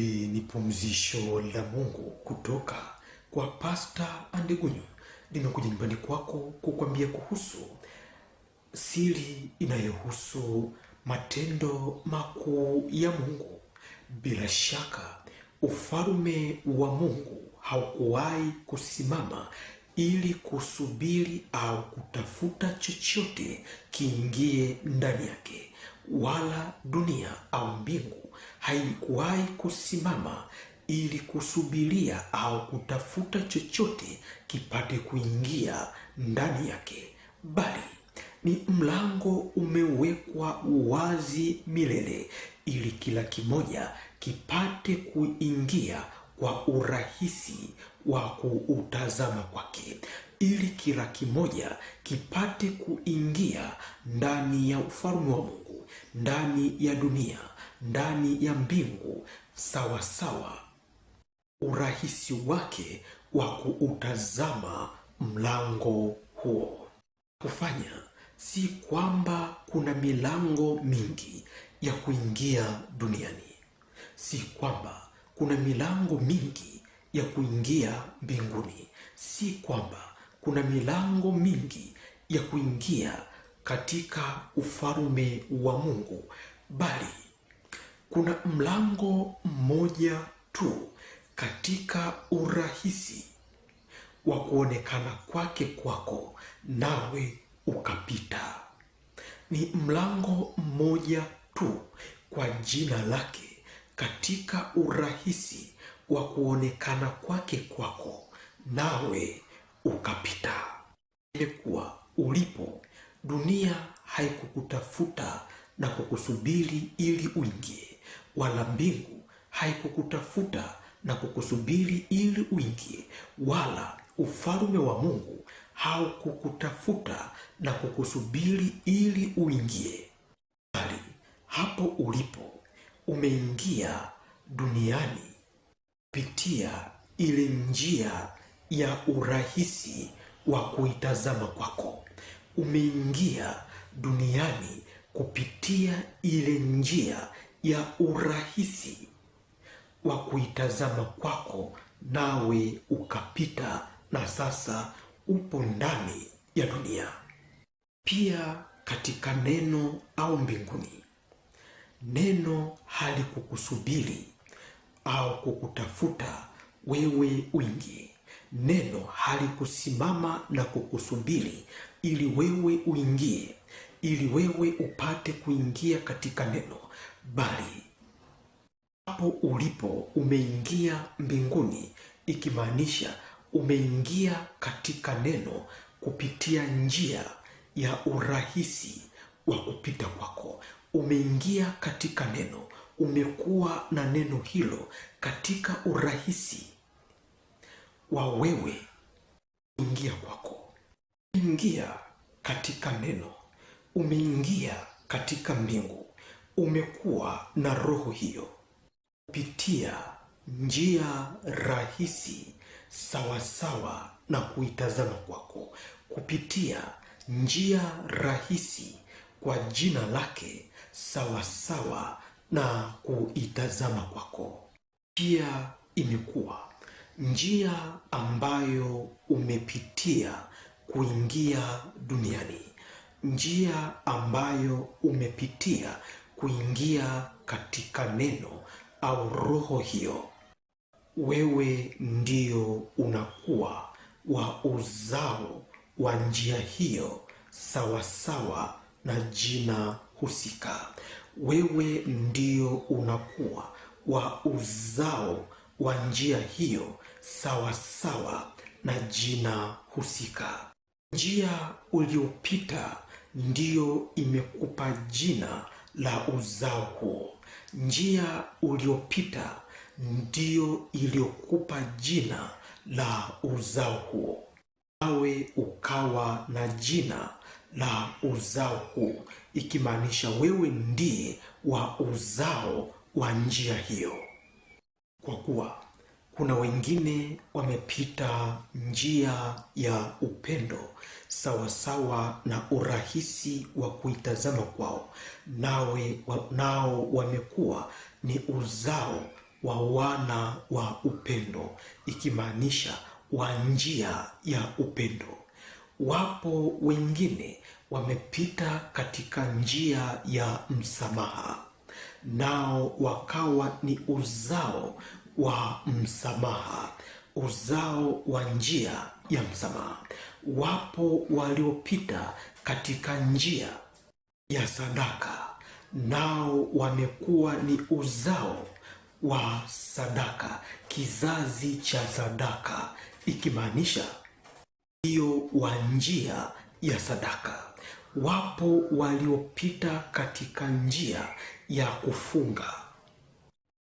Hili ni pumzisho la Mungu kutoka kwa Pasta Andegunyu, limekuja nyumbani kwako kukwambia kuhusu siri inayohusu matendo makuu ya Mungu. Bila shaka ufalume wa Mungu haukuwahi kusimama ili kusubiri au kutafuta chochote kiingie ndani yake, wala dunia au mbingu haikuwahi kusimama ili kusubiria au kutafuta chochote kipate kuingia ndani yake, bali ni mlango umewekwa wazi milele ili kila kimoja kipate kuingia kwa urahisi wa kuutazama kwake, ili kila kimoja kipate kuingia ndani ya ufalme wa Mungu, ndani ya dunia ndani ya mbingu sawasawa sawa urahisi wake wa kuutazama mlango huo. Kufanya si kwamba kuna milango mingi ya kuingia duniani, si kwamba kuna milango mingi ya kuingia mbinguni, si kwamba kuna milango mingi ya kuingia katika ufalume wa Mungu, bali kuna mlango mmoja tu katika urahisi wa kuonekana kwake kwako, nawe ukapita. Ni mlango mmoja tu kwa jina lake katika urahisi wa kuonekana kwake kwako, nawe ukapita. Imekuwa ulipo, dunia haikukutafuta na kukusubiri ili uingie wala mbingu haikukutafuta na kukusubiri ili uingie, wala ufalme wa Mungu haukukutafuta na kukusubiri ili uingie, bali hapo ulipo umeingia duniani kupitia ile njia ya urahisi wa kuitazama kwako. Umeingia duniani kupitia ile njia ya urahisi wa kuitazama kwako, nawe ukapita, na sasa upo ndani ya dunia. Pia katika neno au mbinguni, neno halikukusubiri au kukutafuta wewe uingie. Neno halikusimama na kukusubiri ili wewe uingie, ili wewe upate kuingia katika neno bali hapo ulipo umeingia mbinguni, ikimaanisha umeingia katika neno kupitia njia ya urahisi wa kupita kwako. Umeingia katika neno, umekuwa na neno hilo katika urahisi wa wewe ingia kwako. Umeingia katika neno, umeingia katika mbingu umekuwa na roho hiyo kupitia njia rahisi sawasawa sawa na kuitazama kwako, kupitia njia rahisi kwa jina lake sawasawa sawa na kuitazama kwako. Pia imekuwa njia ambayo umepitia kuingia duniani, njia ambayo umepitia kuingia katika neno au roho hiyo, wewe ndio unakuwa wa uzao wa njia hiyo sawasawa na jina husika. Wewe ndio unakuwa wa uzao wa njia hiyo sawasawa na jina husika. Njia uliopita ndiyo imekupa jina la uzao huo. Njia uliopita ndiyo iliyokupa jina la uzao huo, nawe ukawa na jina la uzao huo, ikimaanisha wewe ndiye wa uzao wa njia hiyo, kwa kuwa kuna wengine wamepita njia ya upendo sawasawa na urahisi wa kuitazama kwao, nawe wa, nao wamekuwa ni uzao wa wana wa upendo, ikimaanisha wa njia ya upendo. Wapo wengine wamepita katika njia ya msamaha, nao wakawa ni uzao wa msamaha, uzao wa njia ya msamaha wapo waliopita katika njia ya sadaka, nao wamekuwa ni uzao wa sadaka, kizazi cha sadaka, ikimaanisha hiyo wa njia ya sadaka. Wapo waliopita katika njia ya kufunga,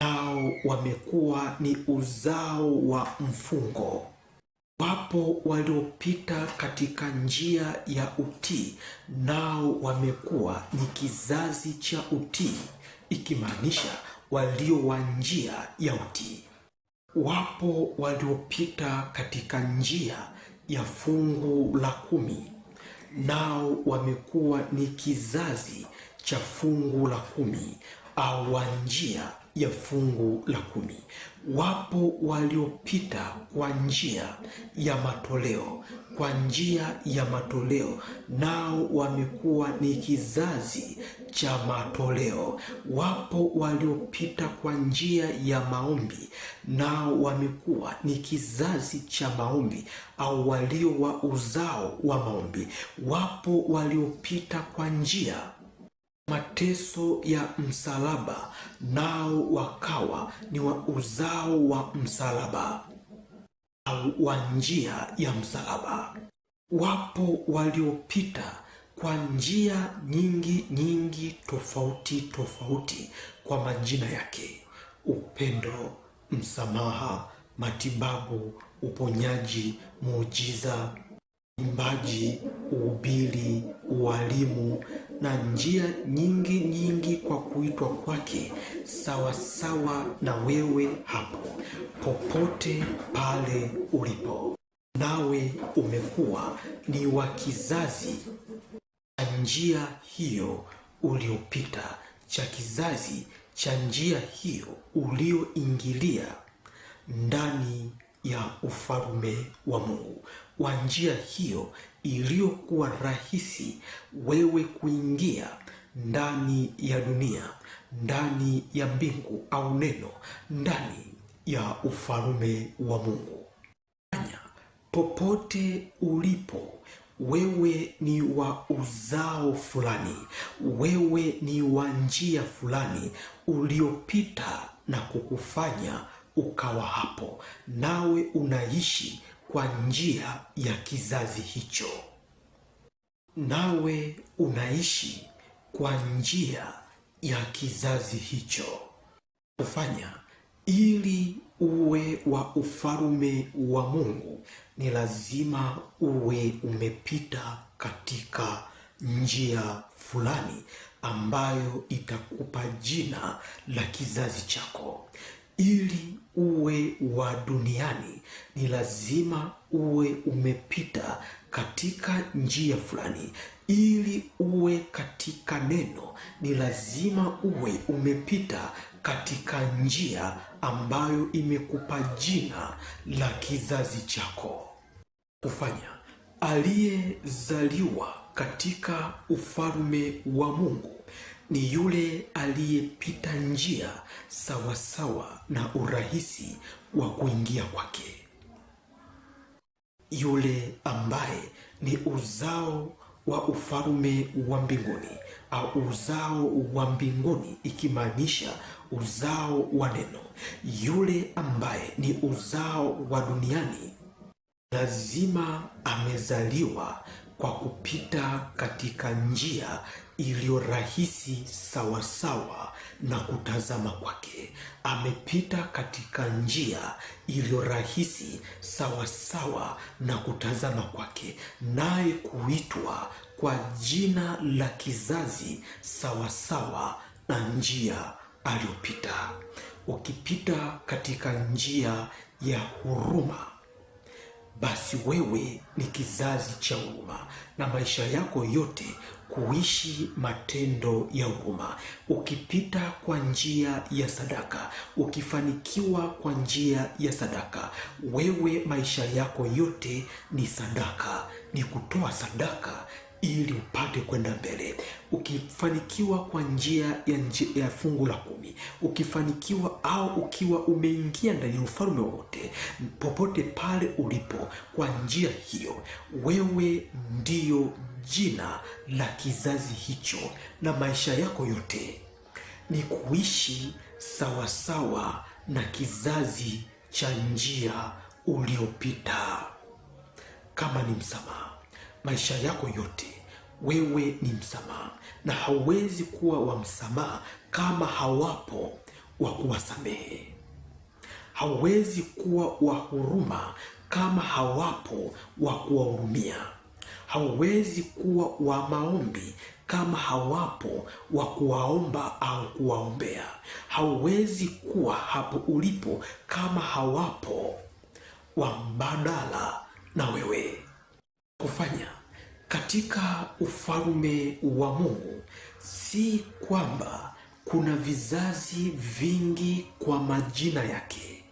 nao wamekuwa ni uzao wa mfungo Wapo waliopita katika njia ya utii, nao wamekuwa ni kizazi cha utii, ikimaanisha walio wa njia ya utii. Wapo waliopita katika njia ya fungu la kumi, nao wamekuwa ni kizazi cha fungu la kumi au wa njia ya fungu la kumi. Wapo waliopita kwa njia ya matoleo, kwa njia ya matoleo, nao wamekuwa ni kizazi cha matoleo. Wapo waliopita kwa njia ya maombi, nao wamekuwa ni kizazi cha maombi, au walio wa uzao wa maombi. Wapo waliopita kwa njia mateso ya msalaba, nao wakawa ni wa uzao wa msalaba au wa njia ya msalaba. Wapo waliopita kwa njia nyingi nyingi tofauti tofauti kwa majina yake: upendo, msamaha, matibabu, uponyaji, muujiza, imbaji uhubiri, ualimu na njia nyingi nyingi kwa kuitwa kwake, sawasawa na wewe hapo popote pale ulipo, nawe umekuwa ni wa kizazi cha njia hiyo uliopita, cha kizazi cha njia hiyo ulioingilia ndani ya ufalume wa Mungu, wa njia hiyo iliyokuwa rahisi wewe kuingia ndani ya dunia, ndani ya mbingu au neno, ndani ya ufalme wa Mungu. Anya, popote ulipo wewe ni wa uzao fulani, wewe ni wa njia fulani uliopita na kukufanya ukawa hapo, nawe unaishi kwa njia ya kizazi hicho, nawe unaishi kwa njia ya kizazi hicho kufanya ili uwe wa ufalume wa Mungu ni lazima uwe umepita katika njia fulani ambayo itakupa jina la kizazi chako ili uwe wa duniani ni lazima uwe umepita katika njia fulani. Ili uwe katika neno ni lazima uwe umepita katika njia ambayo imekupa jina la kizazi chako kufanya. Aliyezaliwa katika ufalme wa Mungu ni yule aliyepita njia sawasawa na urahisi wa kuingia kwake, yule ambaye ni uzao wa ufalme wa mbinguni au uzao wa mbinguni ikimaanisha uzao wa neno, yule ambaye ni uzao wa duniani lazima amezaliwa kwa kupita katika njia iliyo rahisi sawasawa na kutazama kwake. Amepita katika njia iliyo rahisi sawasawa na kutazama kwake, naye kuitwa kwa jina la kizazi sawasawa na njia aliyopita. Ukipita katika njia ya huruma basi wewe ni kizazi cha huruma, na maisha yako yote kuishi matendo ya huruma, ukipita kwa njia ya sadaka, ukifanikiwa kwa njia ya sadaka, wewe maisha yako yote ni sadaka, ni kutoa sadaka ili upate kwenda mbele. Ukifanikiwa kwa njia ya, ya fungu la kumi, ukifanikiwa au ukiwa umeingia ndani ya ufalme wote, popote pale ulipo, kwa njia hiyo wewe ndio jina la kizazi hicho na maisha yako yote ni kuishi sawasawa sawa na kizazi cha njia uliopita. Kama ni msamaha, maisha yako yote wewe ni msamaha, na hauwezi kuwa wa msamaha kama hawapo wa kuwasamehe. Hauwezi kuwa wa huruma kama hawapo wa kuwahurumia hauwezi kuwa wa maombi kama hawapo wa kuwaomba au kuwaombea. Hauwezi kuwa hapo ulipo kama hawapo wa mbadala na wewe kufanya katika ufalme wa Mungu. Si kwamba kuna vizazi vingi kwa majina yake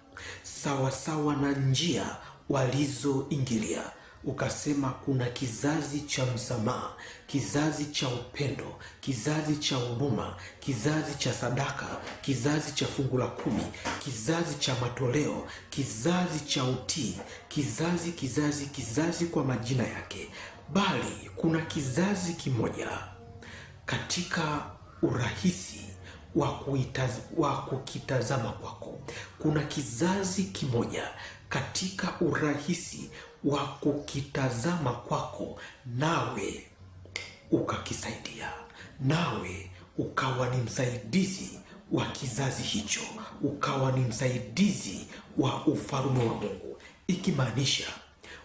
sawasawa na njia walizoingilia ukasema kuna kizazi cha msamaha, kizazi cha upendo, kizazi cha huruma, kizazi cha sadaka, kizazi cha fungu la kumi, kizazi cha matoleo, kizazi cha utii, kizazi kizazi kizazi kwa majina yake, bali kuna kizazi kimoja katika urahisi wa kukitazama kwako, kuna kizazi kimoja katika urahisi wa kukitazama kwako, nawe ukakisaidia, nawe ukawa ni msaidizi wa kizazi hicho, ukawa ni msaidizi wa ufalme wa Mungu, ikimaanisha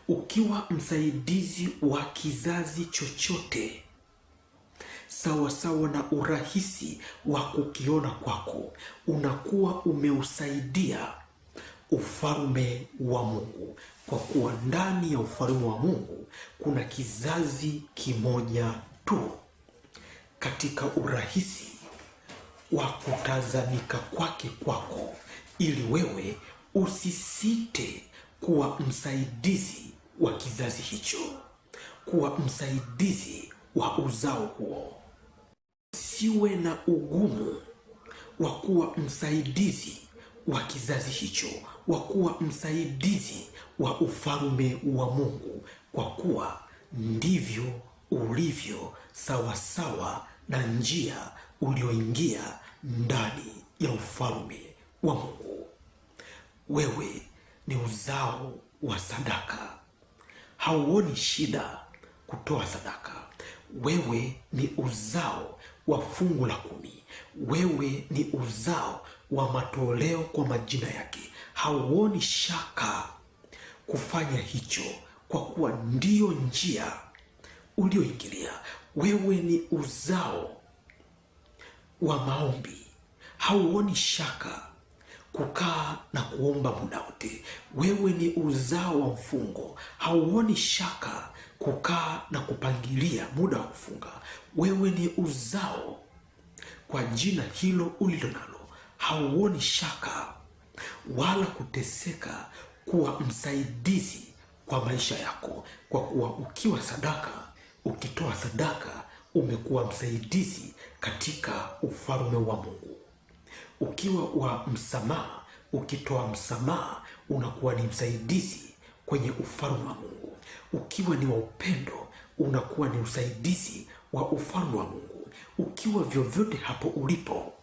ukiwa msaidizi wa kizazi chochote sawa sawa na urahisi wa kukiona kwako, unakuwa umeusaidia ufalme wa Mungu, kwa kuwa ndani ya ufalme wa Mungu kuna kizazi kimoja tu, katika urahisi wa kutazamika kwake kwako, ili wewe usisite kuwa msaidizi wa kizazi hicho, kuwa msaidizi wa uzao huo. Siwe na ugumu wa kuwa msaidizi wa kizazi hicho wa kuwa msaidizi wa ufalme wa Mungu, kwa kuwa ndivyo ulivyo sawasawa na njia ulioingia ndani ya ufalme wa Mungu. Wewe ni uzao wa sadaka, hauoni shida kutoa sadaka. Wewe ni uzao wa fungu la kumi. Wewe ni uzao wa matoleo kwa majina yake, hauoni shaka kufanya hicho, kwa kuwa ndiyo njia ulioingilia. Wewe ni uzao wa maombi, hauoni shaka kukaa na kuomba muda wote. Wewe ni uzao wa mfungo, hauoni shaka kukaa na kupangilia muda wa kufunga. Wewe ni uzao kwa jina hilo ulilo nalo hauoni shaka wala kuteseka kuwa msaidizi kwa maisha yako, kwa kuwa ukiwa sadaka, ukitoa sadaka, umekuwa msaidizi katika ufalme wa Mungu. Ukiwa wa msamaha, ukitoa msamaha, unakuwa ni msaidizi kwenye ufalme wa Mungu. Ukiwa ni wa upendo, unakuwa ni usaidizi wa ufalme wa Mungu. Ukiwa vyovyote hapo ulipo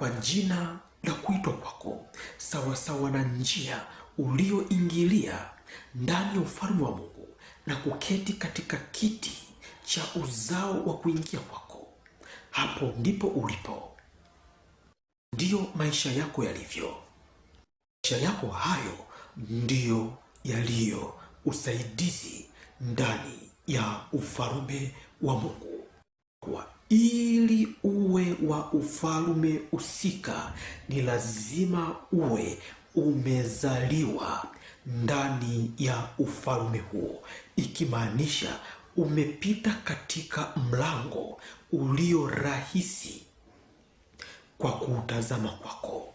kwa jina la kuitwa kwako, sawasawa na njia ulioingilia ndani ya ufalme wa Mungu na kuketi katika kiti cha uzao wa kuingia kwako. Hapo ndipo ulipo, ndiyo maisha yako yalivyo. Maisha yako hayo ndiyo yaliyo usaidizi ndani ya ufalme wa Mungu kwa ili uwe wa ufalume husika, ni lazima uwe umezaliwa ndani ya ufalume huo, ikimaanisha umepita katika mlango ulio rahisi kwa kuutazama kwako,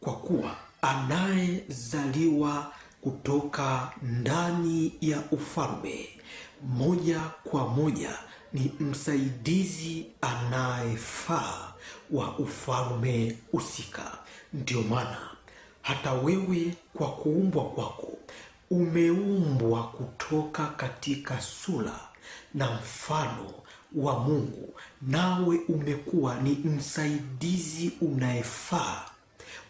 kwa kuwa anayezaliwa kutoka ndani ya ufalme moja kwa moja ni msaidizi anayefaa wa ufalme husika. Ndiyo maana hata wewe kwa kuumbwa kwako umeumbwa kutoka katika sura na mfano wa Mungu, nawe umekuwa ni msaidizi unayefaa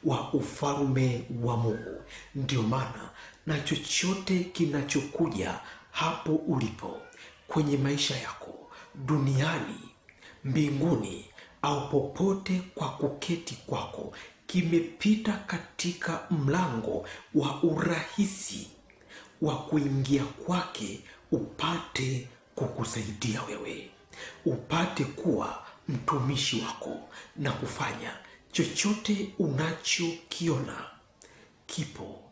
wa ufalme wa Mungu. Ndiyo maana na chochote kinachokuja hapo ulipo kwenye maisha yako duniani, mbinguni au popote kwa kuketi kwako kimepita katika mlango wa urahisi wa kuingia kwake, upate kukusaidia wewe, upate kuwa mtumishi wako na kufanya chochote unachokiona kipo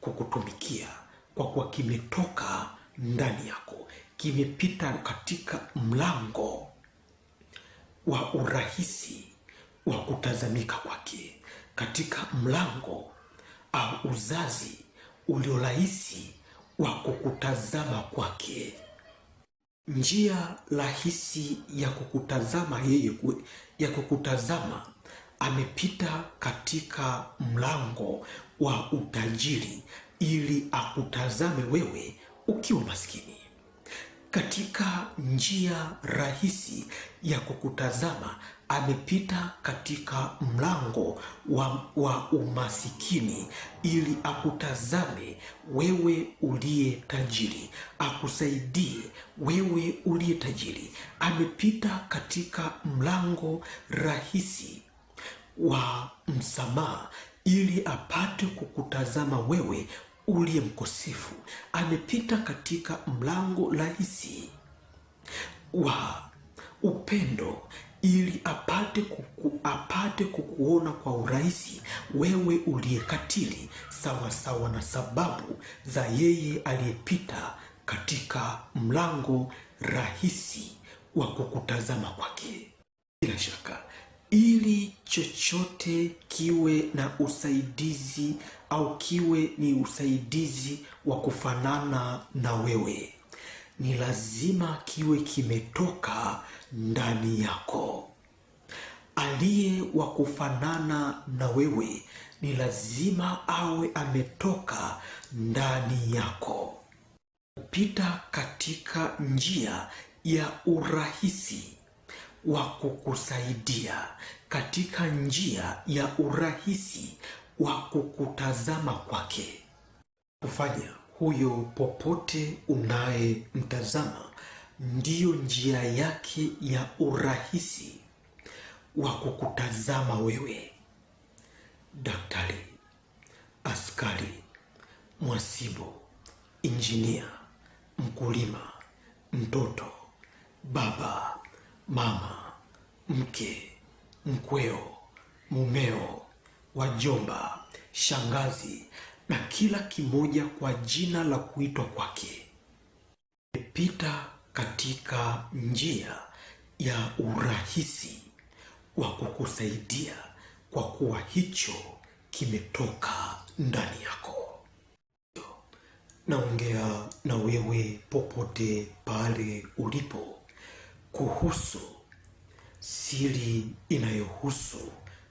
kukutumikia, kwa kuwa kimetoka ndani yako kimepita katika mlango wa urahisi wa kutazamika kwake, katika mlango au uzazi ulio rahisi wa kukutazama kwake. Njia rahisi ya kukutazama yeye, ya kukutazama amepita katika mlango wa utajiri, ili akutazame wewe ukiwa maskini katika njia rahisi ya kukutazama amepita katika mlango wa, wa umasikini ili akutazame wewe uliye tajiri, akusaidie wewe uliye tajiri. Amepita katika mlango rahisi wa msamaha ili apate kukutazama wewe uliye mkosifu amepita katika mlango rahisi wa upendo ili apate kuku, apate kukuona kwa urahisi wewe uliyekatili, sawa sawa na sababu za yeye aliyepita katika mlango rahisi wa kukutazama kwake. Bila shaka ili chochote kiwe na usaidizi au kiwe ni usaidizi wa kufanana na wewe, ni lazima kiwe kimetoka ndani yako. Aliye wa kufanana na wewe ni lazima awe ametoka ndani yako. Kupita katika njia ya urahisi wa kukusaidia katika njia ya urahisi wa kukutazama kwake, kufanya huyo popote unayemtazama ndiyo njia yake ya urahisi wa kukutazama wewe, daktari, askari, mwasibu, injinia, mkulima, mtoto, baba, mama, mke, mkweo, mumeo, wajomba, shangazi na kila kimoja kwa jina la kuitwa kwake. pita katika njia ya urahisi wa kukusaidia kwa kuwa hicho kimetoka ndani yako. Naongea na wewe popote pale ulipo kuhusu siri inayohusu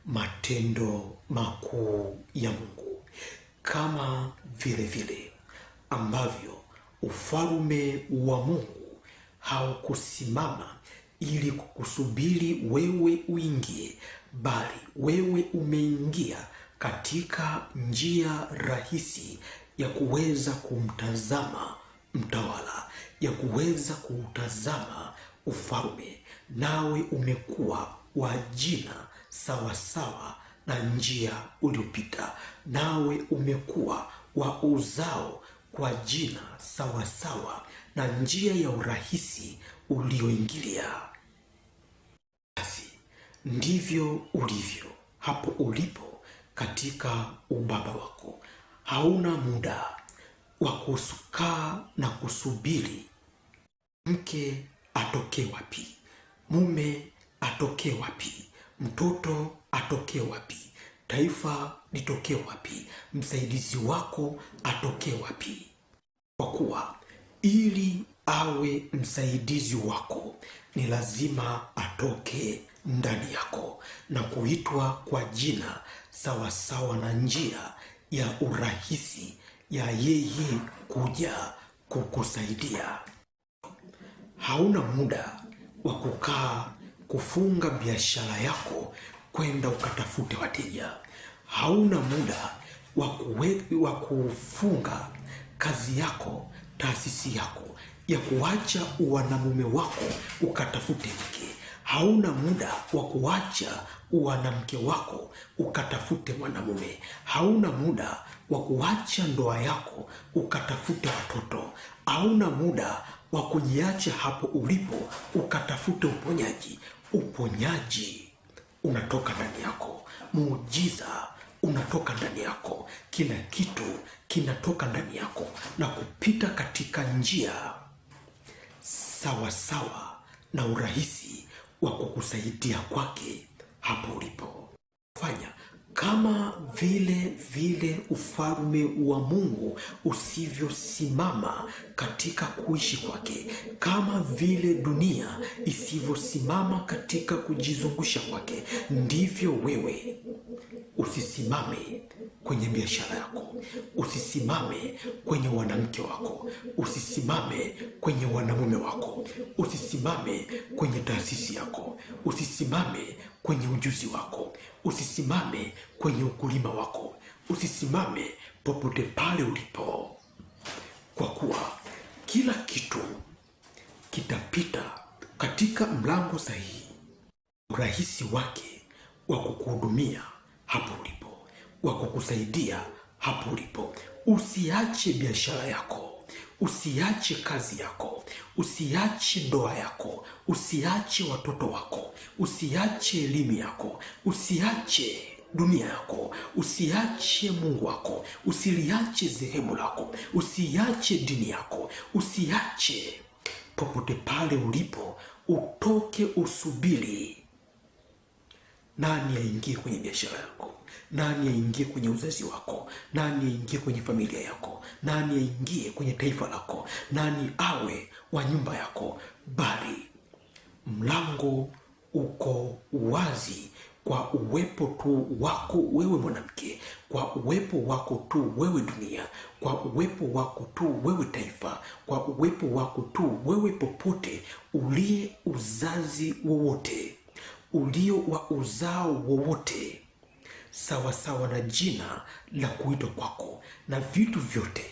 matendo makuu ya Mungu, kama vile vile ambavyo ufalme wa Mungu haukusimama ili kukusubiri wewe uingie, bali wewe umeingia katika njia rahisi ya kuweza kumtazama mtawala, ya kuweza kuutazama ufalme, nawe umekuwa wa jina sawasawa na njia uliopita, nawe umekuwa wa uzao kwa jina sawasawa na njia ya urahisi ulioingilia. Basi ndivyo ulivyo hapo ulipo katika ubaba wako. Hauna muda wa kusukaa na kusubiri mke atokee wapi? Mume atokee wapi? Mtoto atokee wapi? Taifa litokee wapi? Msaidizi wako atokee wapi? Kwa kuwa ili awe msaidizi wako ni lazima atoke ndani yako na kuitwa kwa jina sawasawa sawa na njia ya urahisi ya yeye kuja kukusaidia hauna muda wa kukaa kufunga biashara yako kwenda ukatafute wateja, hauna muda wa kufunga kazi yako, taasisi yako ya kuacha uwanamume wako ukatafute mke, hauna muda wa kuacha uwanamke wako ukatafute mwanamume, hauna muda wa kuacha ndoa yako ukatafute watoto, hauna muda wa kujiacha hapo ulipo ukatafute uponyaji. Uponyaji unatoka ndani yako, muujiza unatoka ndani yako, kila kitu kinatoka ndani yako na kupita katika njia sawasawa sawa na urahisi wa kukusaidia kwake hapo ulipo fanya kama vile vile ufalme wa Mungu usivyosimama katika kuishi kwake, kama vile dunia isivyosimama katika kujizungusha kwake, ndivyo wewe usisimame kwenye biashara yako, usisimame kwenye wanamke wako, usisimame kwenye wanamume wako, usisimame kwenye taasisi yako, usisimame kwenye ujuzi wako, usisimame kwenye ukulima wako, usisimame popote pale ulipo, kwa kuwa kila kitu kitapita katika mlango sahihi, urahisi wake wa kukuhudumia hapo wa kukusaidia hapo ulipo. Usiache biashara yako, usiache kazi yako, usiache ndoa yako, usiache watoto wako, usiache elimu yako, usiache dunia yako, usiache Mungu wako, usiliache dhehebu lako, usiache dini yako, usiache popote pale ulipo, utoke usubiri nani aingie kwenye biashara yako? Nani aingie kwenye uzazi wako? Nani aingie kwenye familia yako? Nani aingie kwenye taifa lako? Nani awe wa nyumba yako? Bali mlango uko wazi kwa uwepo tu wako wewe mwanamke, kwa uwepo wako tu wewe dunia, kwa uwepo wako tu wewe taifa, kwa uwepo wako tu wewe popote uliye uzazi wowote ulio wa uzao wowote sawasawa na jina la kuitwa kwako, na vitu vyote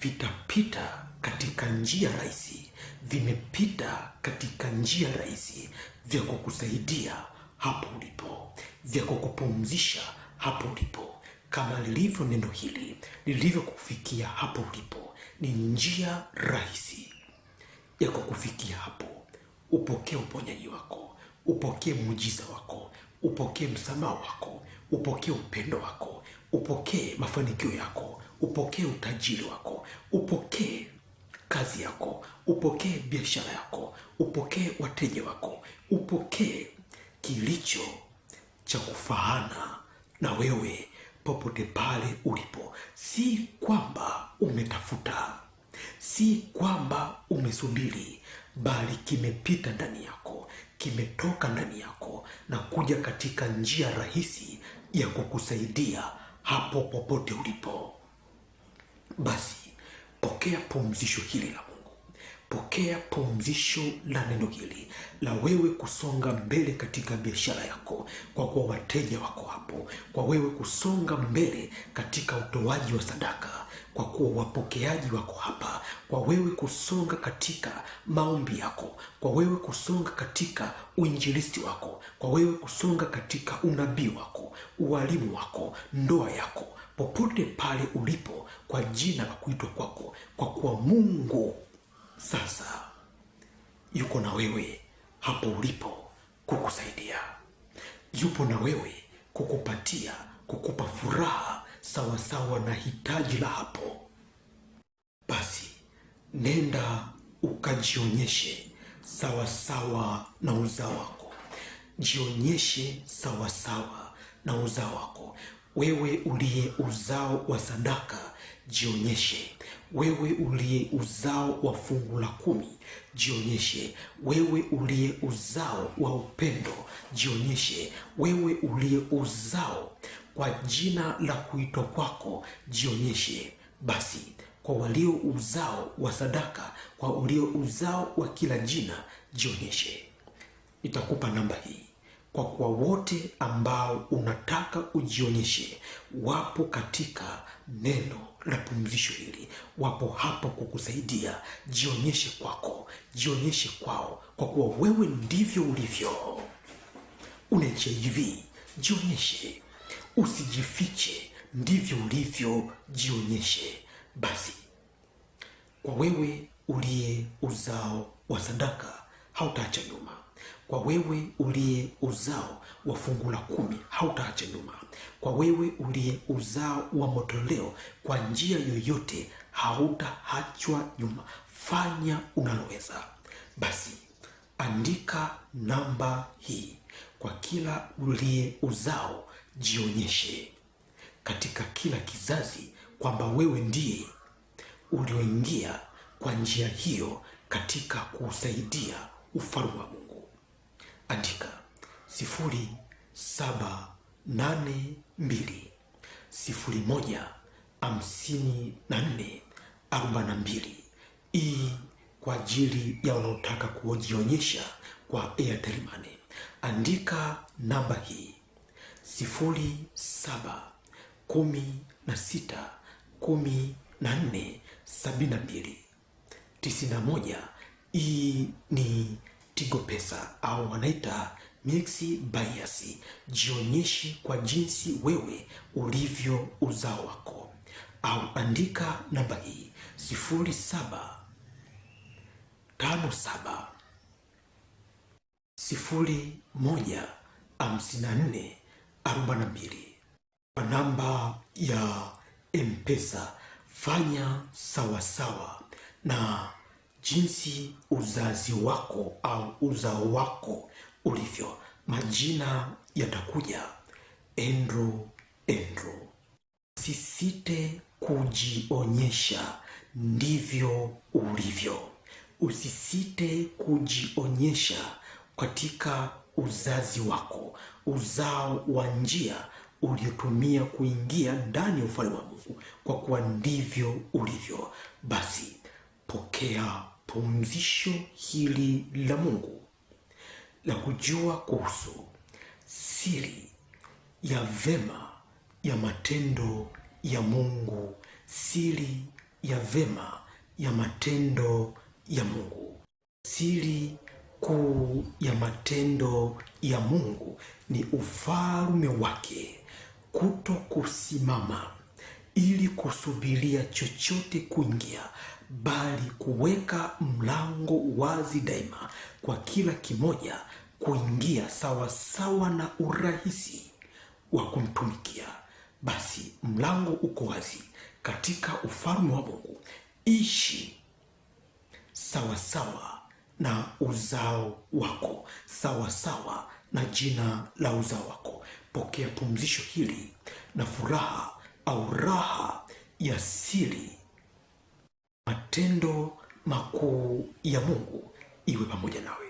vitapita katika njia rahisi, vimepita katika njia rahisi vya kukusaidia hapo ulipo, vya kukupumzisha hapo ulipo, kama lilivyo neno hili lilivyokufikia hapo ulipo. Ni njia rahisi ya kukufikia hapo. Upokee uponyaji wako upokee muujiza wako, upokee msamaha wako, upokee upendo wako, upokee mafanikio yako, upokee utajiri wako, upokee kazi yako, upokee biashara yako, upokee wateja wako, upokee kilicho cha kufaana na wewe popote pale ulipo. Si kwamba umetafuta, si kwamba umesubiri, bali kimepita ndani yako, kimetoka ndani yako na kuja katika njia rahisi ya kukusaidia hapo popote ulipo. Basi pokea pumzisho hili la Mungu, pokea pumzisho la neno hili la wewe kusonga mbele katika biashara yako, kwa kuwa wateja wako hapo, kwa wewe kusonga mbele katika utoaji wa sadaka kwa kuwa wapokeaji wako hapa, kwa wewe kusonga katika maombi yako, kwa wewe kusonga katika uinjilisti wako, kwa wewe kusonga katika unabii wako, ualimu wako, ndoa yako, popote pale ulipo, kwa jina la kuitwa kwako, kwa kuwa Mungu sasa yuko na wewe hapo ulipo kukusaidia, yupo na wewe kukupatia, kukupa furaha sawasawa na hitaji la hapo, basi nenda ukajionyeshe sawasawa na uzao wako. Jionyeshe sawasawa na uzao wako. Wewe uliye uzao wa sadaka, jionyeshe. Wewe uliye uzao wa fungu la kumi, jionyeshe. Wewe uliye uzao wa upendo, jionyeshe. Wewe uliye uzao kwa jina la kuitwa kwako jionyeshe basi kwa walio uzao wa sadaka, kwa ulio uzao wa kila jina jionyeshe. Nitakupa namba hii kwa kuwa wote ambao unataka ujionyeshe wapo katika neno la pumzisho hili, wapo hapo kukusaidia. Jionyeshe kwako, jionyeshe kwao, kwa kuwa wewe ndivyo ulivyo. Una jionyeshe usijifiche, ndivyo ulivyo, jionyeshe. Basi kwa wewe uliye uzao wa sadaka hautaacha nyuma, kwa wewe uliye uzao wa fungu la kumi hautaacha nyuma, kwa wewe uliye uzao wa motoleo kwa njia yoyote hautaachwa nyuma. Fanya unaloweza. Basi andika namba hii kwa kila uliye uzao jionyeshe katika kila kizazi kwamba wewe ndiye ulioingia kwa njia hiyo katika kuusaidia ufalme wa Mungu. Andika sifuri saba nane mbili sifuri moja hamsini na nne arobaini na mbili hii kwa ajili ya wanaotaka kujionyesha kwa Airtel Money. Andika namba hii sifuri saba kumi na sita kumi na nne sabini na mbili tisini na moja. Hii ni Tigo Pesa au wanaita mixi baiasi Jionyeshe kwa jinsi wewe ulivyo uzao wako, au andika namba hii sifuri saba tano saba sifuri moja hamsini na nne 42 kwa namba ya mpesa Fanya sawasawa sawa na jinsi uzazi wako au uzao wako ulivyo. Majina yatakuja endro endro. Usisite kujionyesha ndivyo ulivyo, usisite kujionyesha katika uzazi wako uzao wa njia uliotumia kuingia ndani ya ufalme wa Mungu, kwa kuwa ndivyo ulivyo. Basi pokea pumzisho hili la Mungu la kujua kuhusu siri ya vema ya matendo ya Mungu, siri ya vema ya matendo ya Mungu, siri kuu ya matendo ya Mungu ni ufalme wake, kuto kusimama ili kusubiria chochote kuingia, bali kuweka mlango wazi daima kwa kila kimoja kuingia sawa sawa na urahisi wa kumtumikia. Basi mlango uko wazi katika ufalme wa Mungu. Ishi sawa sawa na uzao wako, sawa sawa na jina la uzao wako. Pokea pumzisho hili na furaha au raha ya siri, matendo makuu ya Mungu iwe pamoja nawe.